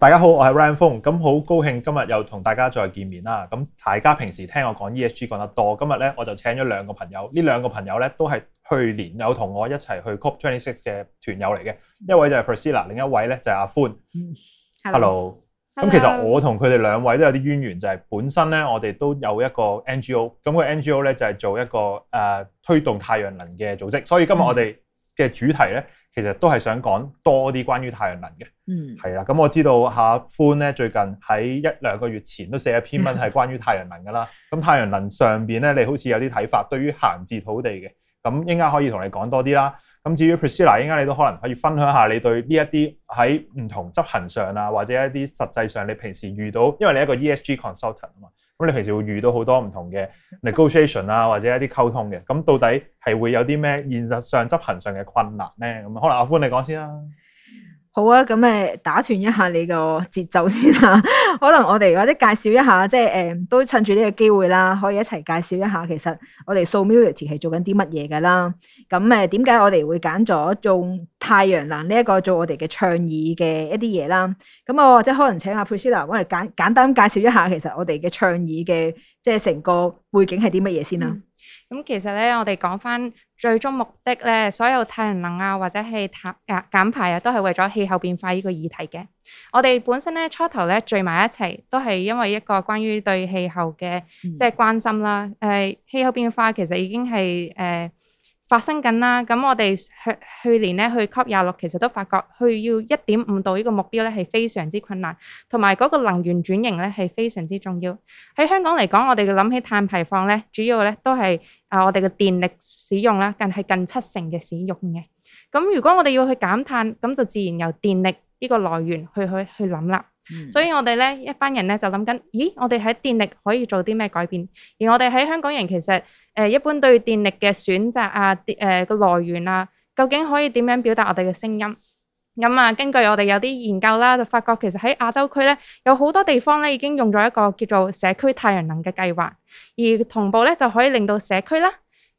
大家好，我係 Ryan Fong，咁好高興今日又同大家再見面啦。咁大家平時聽我講 ESG 講得多，今日咧我就請咗兩個朋友，呢兩個朋友咧都係去年有同我一齊去 COP 26嘅團友嚟嘅，一位就係 Priscilla，另一位咧就係阿歡。Hello，咁其實我同佢哋兩位都有啲淵源，就係、是、本身咧我哋都有一個 NGO，咁個 NGO 咧就係做一個誒、呃、推動太陽能嘅組織，所以今日我哋嘅主題咧。其實都係想講多啲關於太陽能嘅，係啦、嗯。咁、嗯、我知道阿、啊、歡咧，最近喺一兩個月前都寫一篇文係關於太陽能噶啦。咁、 嗯、太陽能上邊咧，你好似有啲睇法，對於閒置土地嘅，咁、嗯、應該可以同你講多啲啦。咁、嗯、至於 Priscilla，應該你都可能可以分享下你對呢一啲喺唔同執行上啊，或者一啲實際上你平時遇到，因為你係一個 ESG consultant 啊嘛。咁你平時會遇到好多唔同嘅 negotiation 啊，或者一啲溝通嘅，咁到底係會有啲咩現實上執行上嘅困難咧？咁可能阿寬你講先啦。好啊，咁誒打斷一下你個節奏先啦， 可能我哋或者介紹一下，即係誒都趁住呢個機會啦，可以一齊介紹一下，其實我哋數 music 係做緊啲乜嘢噶啦。咁誒，點解我哋會揀咗用太陽能呢一個做我哋嘅倡議嘅一啲嘢啦？咁我或者可能請阿 Priscilla 簡簡單介紹一下，其實我哋嘅倡議嘅即係成個背景係啲乜嘢先啦？嗯咁其實咧，我哋講返最終目的咧，所有太陽能啊，或者係減排啊，排都係為咗氣候變化呢個議題嘅。我哋本身咧，初頭咧，聚埋一齊，都係因為一個關於對氣候嘅即係關心啦。嗯，氣候變化其實已經係，誒發生緊啦，咁我哋去去年去 COP26，其實都發覺去要一點五度呢個目標咧係非常之困難，同埋嗰個能源轉型咧係非常之重要。喺香港嚟講，我哋要諗起碳排放呢，主要呢都係啊我哋嘅電力使用啦，近係近七成嘅使用嘅。咁如果我哋要去減碳，咁就自然由電力呢個來源去去去諗啦。所以我哋咧一班人咧就諗緊，咦？我哋喺電力可以做啲咩改變？而我哋喺香港人其實誒一般對電力嘅選擇啊、電誒個來源啊，究竟可以點樣表達我哋嘅聲音？咁、嗯、啊，根據我哋有啲研究啦，就發覺其實喺亞洲區咧，有好多地方咧已經用咗一個叫做社區太陽能嘅計劃，而同步咧就可以令到社區啦，誒、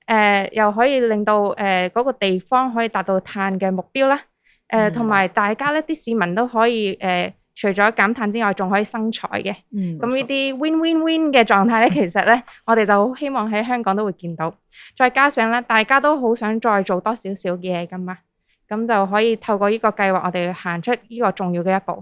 呃、又可以令到誒嗰個地方可以達到碳嘅目標啦，誒同埋大家咧啲市民都可以誒。呃除咗減碳之外，仲可以生財嘅。咁呢啲 win win win 嘅狀態咧， 其實咧，我哋就希望喺香港都會見到。再加上咧，大家都好想再做多少少嘅嘢噶嘛，咁就可以透過呢個計劃，我哋去行出呢個重要嘅一步。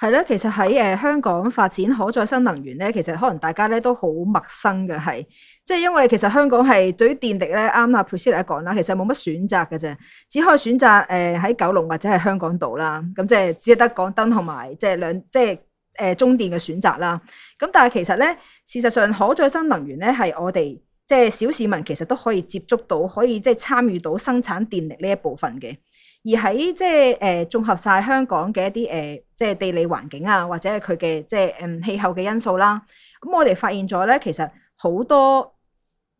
係啦，其實喺誒香港發展可再生能源咧，其實可能大家咧都好陌生嘅，係即係因為其實香港係對於電力咧，啱阿 Pushy 嚟講啦，其實冇乜選擇嘅啫，只可以選擇誒喺九龍或者係香港島啦，咁即係只係得港燈同埋即係兩即係誒中電嘅選擇啦。咁但係其實咧，事實上可再生能源咧係我哋即係小市民其實都可以接觸到，可以即係參與到生產電力呢一部分嘅。而喺即係誒綜合晒香港嘅一啲誒，即係地理環境啊，或者係佢嘅即係誒氣候嘅因素啦。咁我哋發現咗咧，其實好多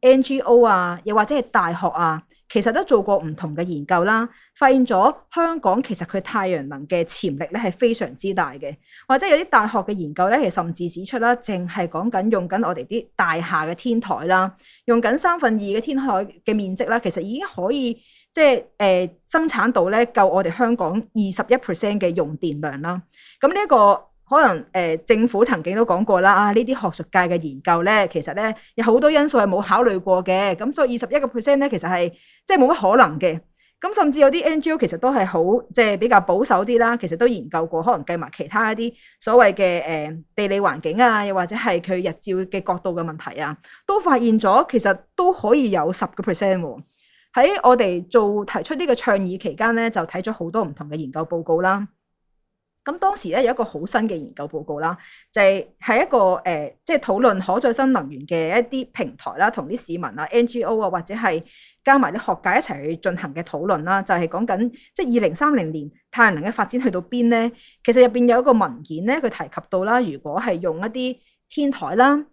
NGO 啊，又或者係大學啊，其實都做過唔同嘅研究啦。發現咗香港其實佢太陽能嘅潛力咧係非常之大嘅，或者有啲大學嘅研究咧，其實甚至指出啦，淨係講緊用緊我哋啲大廈嘅天台啦，用緊三分二嘅天台嘅面積啦，其實已經可以。即係誒、呃，生產到咧夠我哋香港二十一 percent 嘅用電量啦。咁呢一個可能誒、呃，政府曾經都講過啦。啊，呢啲學術界嘅研究咧，其實咧有好多因素係冇考慮過嘅。咁所以二十一個 percent 咧，其實係即係冇乜可能嘅。咁甚至有啲 NGO 其實都係好即係比較保守啲啦。其實都研究過，可能計埋其他一啲所謂嘅誒地理環境啊，又或者係佢日照嘅角度嘅問題啊，都發現咗，其實都可以有十個 percent。啊喺我哋做提出呢個倡議期間咧，就睇咗好多唔同嘅研究報告啦。咁當時咧有一個好新嘅研究報告啦，就係、係、喺一個誒、呃，即係討論可再生能源嘅一啲平台啦，同啲市民啊、NGO 啊或者係加埋啲學界一齊去進行嘅討論啦。就係講緊即係二零三零年太陽能嘅發展去到邊咧。其實入邊有一個文件咧，佢提及到啦，如果係用一啲天台啦，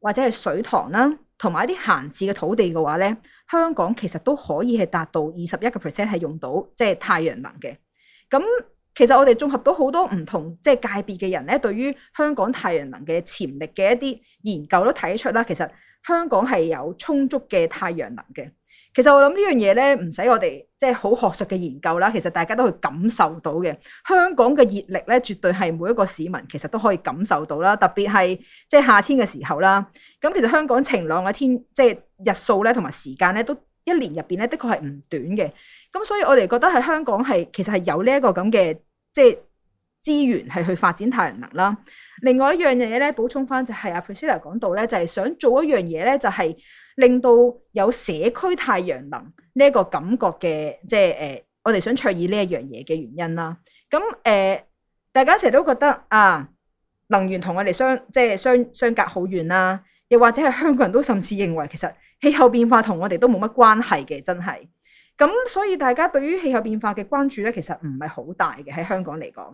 或者係水塘啦。同埋一啲閒置嘅土地嘅話咧，香港其實都可以係達到二十一個 percent 係用到即係太陽能嘅。咁其實我哋綜合到好多唔同即係界別嘅人咧，對於香港太陽能嘅潛力嘅一啲研究都睇得出啦。其實香港係有充足嘅太陽能嘅。其實我諗呢樣嘢咧，唔使我哋即係好學術嘅研究啦。其實大家都會感受到嘅，香港嘅熱力咧，絕對係每一個市民其實都可以感受到啦。特別係即係夏天嘅時候啦。咁其實香港晴朗嘅天，即係日數咧，同埋時間咧，都一年入面咧，的確係唔短嘅。咁所以我哋覺得喺香港係其實係有呢一個咁嘅即係資源係去發展太陽能啦。另外一樣嘢咧，補充返就係阿 Priscilla 講到咧，就係、是、想做一樣嘢咧，就係。令到有社區太陽能呢一個感覺嘅，即係誒、呃，我哋想倡議呢一樣嘢嘅原因啦。咁誒、呃，大家成日都覺得啊，能源同我哋相即係相相隔好遠啦。又或者係香港人都甚至認為其實氣候變化同我哋都冇乜關係嘅，真係。咁所以大家對於氣候變化嘅關注咧，其實唔係好大嘅，喺香港嚟講。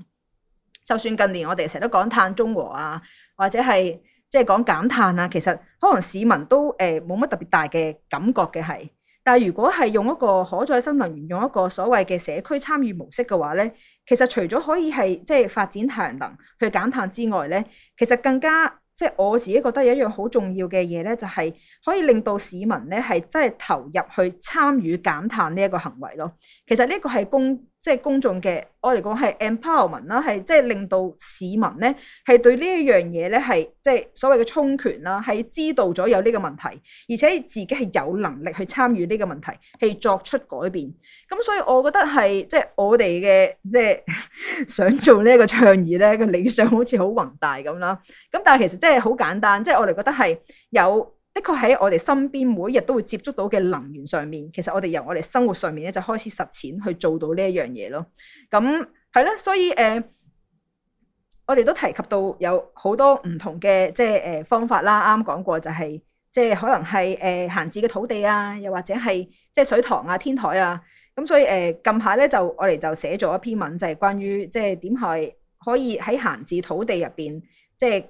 就算近年我哋成日都講碳中和啊，或者係。即係講減碳啊，其實可能市民都誒冇乜特別大嘅感覺嘅係，但係如果係用一個可再生能源，用一個所謂嘅社區參與模式嘅話咧，其實除咗可以係即係發展太陽能去減碳之外咧，其實更加即係、就是、我自己覺得有一樣好重要嘅嘢咧，就係可以令到市民咧係真係投入去參與減碳呢一個行為咯。其實呢個係公即係公眾嘅，我嚟講係 empowerment 啦，係即係令到市民咧，係對呢一樣嘢咧，係即係所謂嘅充權啦，係知道咗有呢個問題，而且自己係有能力去參與呢個問題，係作出改變。咁所以我覺得係即係我哋嘅即係想做呢一個倡議咧個理想，好似好宏大咁啦。咁但係其實即係好簡單，即係我哋覺得係有。的確喺我哋身邊每日都會接觸到嘅能源上面，其實我哋由我哋生活上面咧就開始實踐去做到呢一樣嘢咯。咁係咧，所以誒、呃，我哋都提及到有好多唔同嘅即係誒方法啦。啱講過就係即係可能係誒閒置嘅土地啊，又或者係即係水塘啊、天台啊。咁所以誒、呃、近排咧就我哋就寫咗一篇文就，就係關於即係點係可以喺閒置土地入邊即係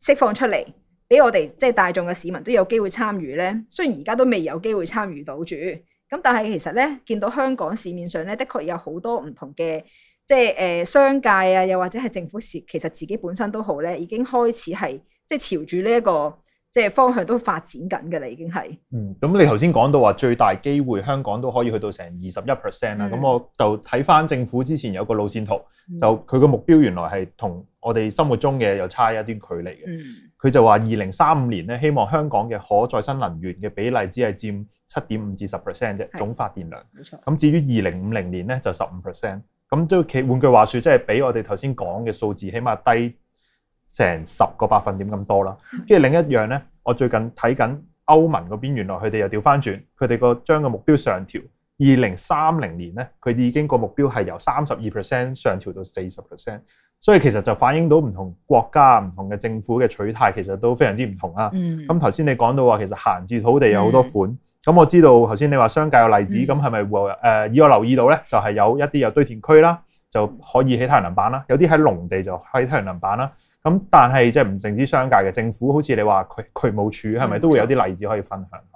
釋放出嚟。俾我哋即係大眾嘅市民都有機會參與咧，雖然而家都未有機會參與到住，咁但係其實咧，見到香港市面上咧，的確有好多唔同嘅即係誒、呃、商界啊，又或者係政府市，其實自己本身都好咧，已經開始係即係朝住呢一個即係方向都發展緊嘅啦，已經係。嗯，咁你頭先講到話最大機會香港都可以去到成二十一 percent 啦，咁、嗯、我就睇翻政府之前有個路線圖，嗯、就佢個目標原來係同我哋心目中嘅又差一啲距離嘅。嗯佢就話：二零三五年咧，希望香港嘅可再生能源嘅比例只係佔七點五至十 percent 啫，總發電量。冇錯。咁至於二零五零年咧，就十五 percent。咁都其換句話説，即係比我哋頭先講嘅數字，起碼低成十個百分點咁多啦。跟住、嗯、另一樣咧，我最近睇緊歐盟嗰邊，原來佢哋又調翻轉，佢哋個將個目標上調。二零三零年咧，佢哋已經個目標係由三十二 percent 上調到四十 percent。所以其實就反映到唔同國家、唔同嘅政府嘅取態，其實都非常之唔同啊！咁頭先你講到話，其實閒置土地有好多款。咁、嗯、我知道頭先你話商界嘅例子，咁係咪誒以我留意到咧，就係、是、有一啲有堆填區啦，就可以起太陽能板啦；有啲喺農地就可以起太陽能板啦。咁但係即係唔淨止商界嘅，政府好似你話渠渠務署係咪都會有啲例子可以分享？嗯嗯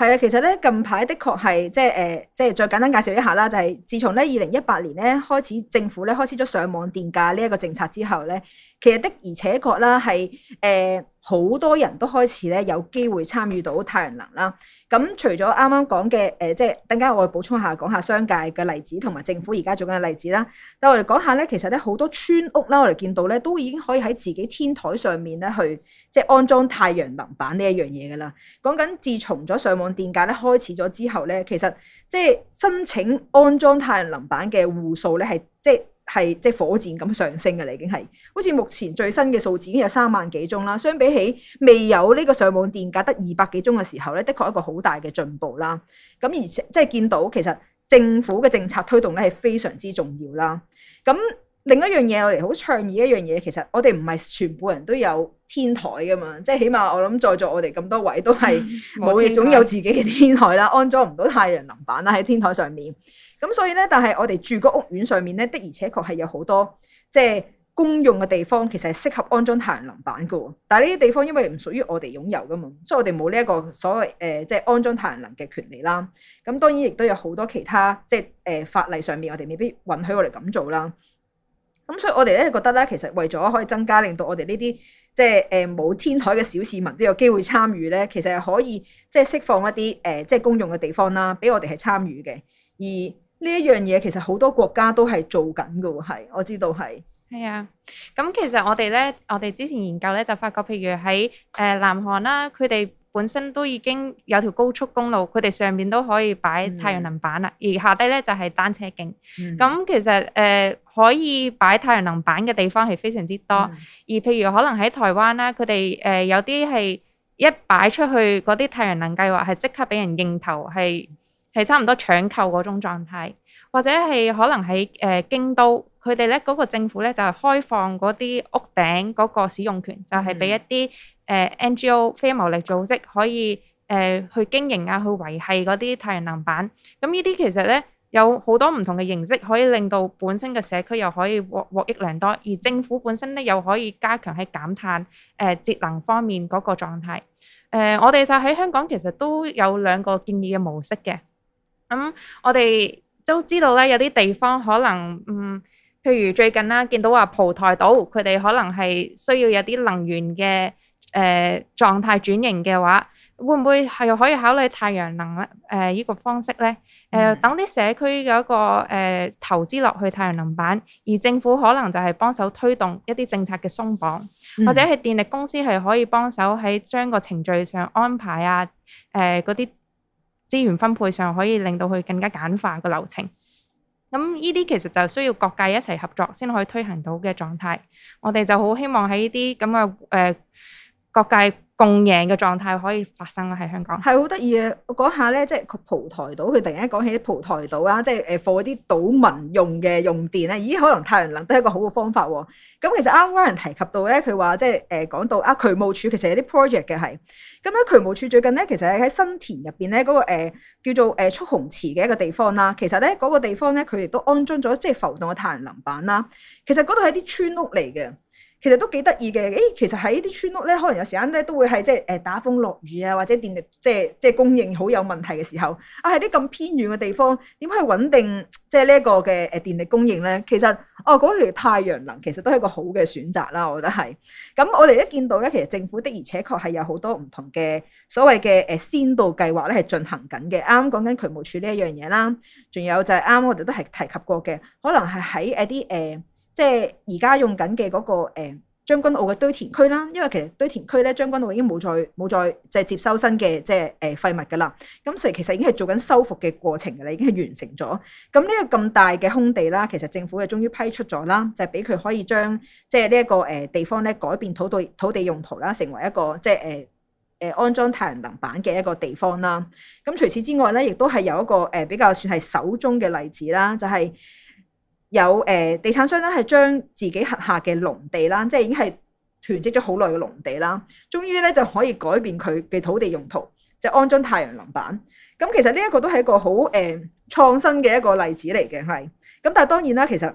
係啊，其實咧近排的確係即係誒，即係再簡單介紹一下啦，就係、是、自從咧二零一八年咧開始政府咧開始咗上網電價呢一個政策之後咧，其實的而且確啦係誒。呃好多人都開始咧有機會參與到太陽能啦。咁除咗啱啱講嘅誒，即係等陣間我補充下，講下商界嘅例子同埋政府而家做緊嘅例子啦。但係我哋講下咧，其實咧好多村屋啦，我哋見到咧都已經可以喺自己天台上面咧去即係安裝太陽能板呢一樣嘢噶啦。講緊自從咗上網電價咧開始咗之後咧，其實即係申請安裝太陽能板嘅戶數咧係即係。係即係火箭咁上升嘅啦，已經係好似目前最新嘅數字已經有三萬幾宗啦。相比起未有呢個上網電價得二百幾宗嘅時候咧，的確一個好大嘅進步啦。咁而且即係見到其實政府嘅政策推動咧係非常之重要啦。咁另一樣嘢我哋好倡議一樣嘢，其實我哋唔係全部人都有天台嘅嘛，即係起碼我諗在座我哋咁多位都係冇嘢擁有自己嘅天台啦，台安裝唔到太陽能板啦喺天台上面。咁所以咧，但係我哋住個屋苑上面咧，的而且確係有好多即係公用嘅地方，其實係適合安裝太陽能板嘅喎。但係呢啲地方因為唔屬於我哋擁有嘅嘛，所以我哋冇呢一個所謂誒即係安裝太陽能嘅權利啦。咁當然亦都有好多其他即係誒法例上面，我哋未必允許我哋咁做啦。咁、嗯、所以我哋咧覺得咧，其實為咗可以增加令到我哋呢啲即係誒冇天台嘅小市民都有機會參與咧，其實係可以即係、就是、釋放一啲誒即係公用嘅地方啦，俾我哋係參與嘅，而呢一樣嘢其實好多國家都係做緊㗎喎，係，我知道係。係啊，咁其實我哋咧，我哋之前研究咧就發覺，譬如喺誒南韓啦、啊，佢哋本身都已經有條高速公路，佢哋上面都可以擺太陽能板啦，嗯、而下低咧就係單車徑。咁、嗯、其實誒可以擺太陽能板嘅地方係非常之多，嗯、而譬如可能喺台灣啦，佢哋誒有啲係一擺出去嗰啲太陽能計劃係即刻俾人認頭係。係差唔多搶購嗰種狀態，或者係可能喺、呃、京都，佢哋咧嗰個政府咧就係、是、開放嗰啲屋頂嗰個使用權，就係、是、俾一啲、呃、NGO 非牟利組織可以、呃、去經營啊，去維繫嗰啲太陽能板。咁呢啲其實咧有好多唔同嘅形式，可以令到本身嘅社區又可以獲獲益良多，而政府本身咧又可以加強喺減碳誒、呃、節能方面嗰個狀態。呃、我哋就喺香港其實都有兩個建議嘅模式嘅。咁、嗯、我哋都知道咧，有啲地方可能，嗯，譬如最近啦，見到話蒲台島，佢哋可能係需要有啲能源嘅誒狀態轉型嘅話，會唔會係可以考慮太陽能咧？誒、呃、依、這個方式咧？誒、呃、等啲社區有一個誒、呃、投資落去太陽能板，而政府可能就係幫手推動一啲政策嘅鬆綁，嗯、或者係電力公司係可以幫手喺將個程序上安排啊，誒、呃、嗰啲。呃資源分配上可以令到佢更加簡化個流程，咁依啲其實就需要各界一齊合作先可以推行到嘅狀態。我哋就好希望喺依啲咁嘅誒各界共贏嘅狀態可以發生喺香港係好得意啊！講下咧，即係蒲台島，佢突然間講起啲蒲台島啊，即係放嗰啲島民用嘅用電咧，咦？可能太陽能都係一個好嘅方法喎。咁其實啱啱有人提及到咧，佢話即係誒講到啊，渠務署其實有啲 project 嘅係。咁咧，渠務署最近咧，其實係喺新田入邊咧嗰個叫做誒蓄洪池嘅一個地方啦。其實咧嗰、那個地方咧，佢亦都安裝咗即係浮動嘅太陽能板啦。其實嗰度係啲村屋嚟嘅。其實都幾得意嘅，誒、欸，其實喺啲村屋咧，可能有時間咧都會係即係誒打風落雨啊，或者電力即係即係供應好有問題嘅時候，啊，喺啲咁偏遠嘅地方，點去穩定即係呢一個嘅誒電力供應咧？其實哦，嗰條太陽能其實都係一個好嘅選擇啦，我覺得係。咁我哋一見到咧，其實政府的而且確係有好多唔同嘅所謂嘅誒先導計劃咧，係進行緊嘅。啱啱講緊渠務署呢一樣嘢啦，仲有就係啱啱我哋都係提及過嘅，可能係喺一啲誒。呃即係而家用緊嘅嗰個誒將軍澳嘅堆填區啦，因為其實堆填區咧將軍澳已經冇再冇再即係接收新嘅即係誒廢物噶啦，咁所以其實已經係做緊修復嘅過程噶啦，已經係完成咗。咁呢個咁大嘅空地啦，其實政府係終於批出咗啦，就係俾佢可以將即係呢一個誒地方咧改變土地土地用途啦，成為一個即係誒誒安裝太陽能板嘅一個地方啦。咁、嗯、除此之外咧，亦都係有一個誒比較算係首宗嘅例子啦，就係、是。有誒、呃、地產商咧係將自己轄下嘅農地啦，即係已經係囤積咗好耐嘅農地啦，終於咧就可以改變佢嘅土地用途，就安裝太陽能板。咁、嗯、其實呢一個都係一個好誒創新嘅一個例子嚟嘅，係。咁但係當然啦，其實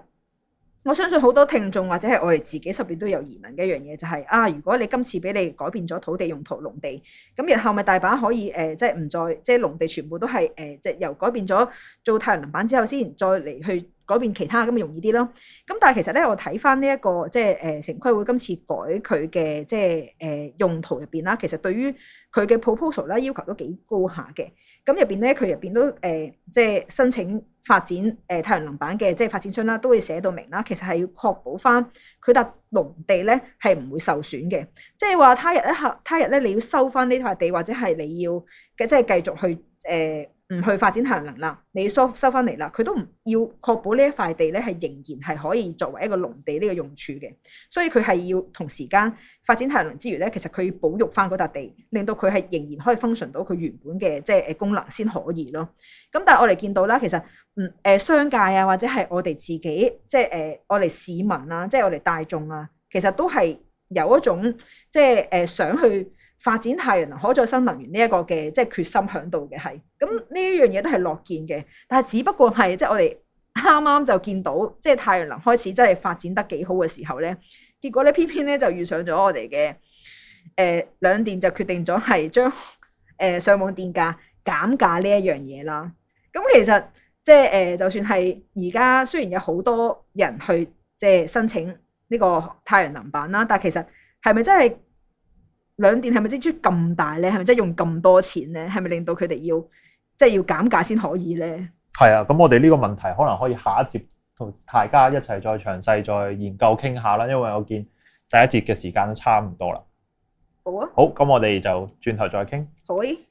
我相信好多聽眾或者係我哋自己，身邊都有疑問嘅一樣嘢，就係、是、啊，如果你今次俾你改變咗土地用途，農地咁、嗯，然後咪大把可以誒、呃，即係唔再即係農地全部都係誒，即、呃、係由改變咗做太陽能板之後先，再嚟去。改變其他咁咪容易啲咯。咁但係其實咧，我睇翻呢一個即係誒城規會今次改佢嘅即係誒用途入邊啦。其實對於佢嘅 proposal 咧要求都幾高下嘅。咁入邊咧佢入邊都誒即係申請發展誒太陽能板嘅即係發展商啦，都會寫到明啦。其實係要確保翻佢笪農地咧係唔會受損嘅。即係話他日咧，一下他日咧，你要收翻呢塊地或者係你要即係繼續去誒。呃唔去發展太陽能啦，你收收翻嚟啦，佢都唔要確保呢一塊地咧係仍然係可以作為一個農地呢個用處嘅，所以佢係要同時間發展太陽能之餘咧，其實佢要保育翻嗰笪地，令到佢係仍然可以封存到佢原本嘅即係誒功能先可以咯。咁但係我哋見到啦，其實嗯誒、呃、商界啊，或者係我哋自己即係誒我哋市民啊，即係我哋大眾啊，其實都係有一種即係誒想去。發展太陽能可再生能源呢一個嘅即係決心響度嘅係，咁呢樣嘢都係樂見嘅。但係只不過係即係我哋啱啱就見到，即係太陽能開始真係發展得幾好嘅時候咧，結果咧偏偏咧就遇上咗我哋嘅誒兩電就決定咗係將誒、呃、上網電價減價呢一樣嘢啦。咁其實即係誒，就算係而家雖然有好多人去即係申請呢個太陽能板啦，但係其實係咪真係？兩電係咪支出咁大咧？係咪即係用咁多錢咧？係咪令到佢哋要即係要減價先可以咧？係啊，咁我哋呢個問題可能可以下一節同大家一齊再詳細再研究傾下啦。因為我見第一節嘅時間都差唔多啦。好啊。好，咁我哋就轉頭再傾。好。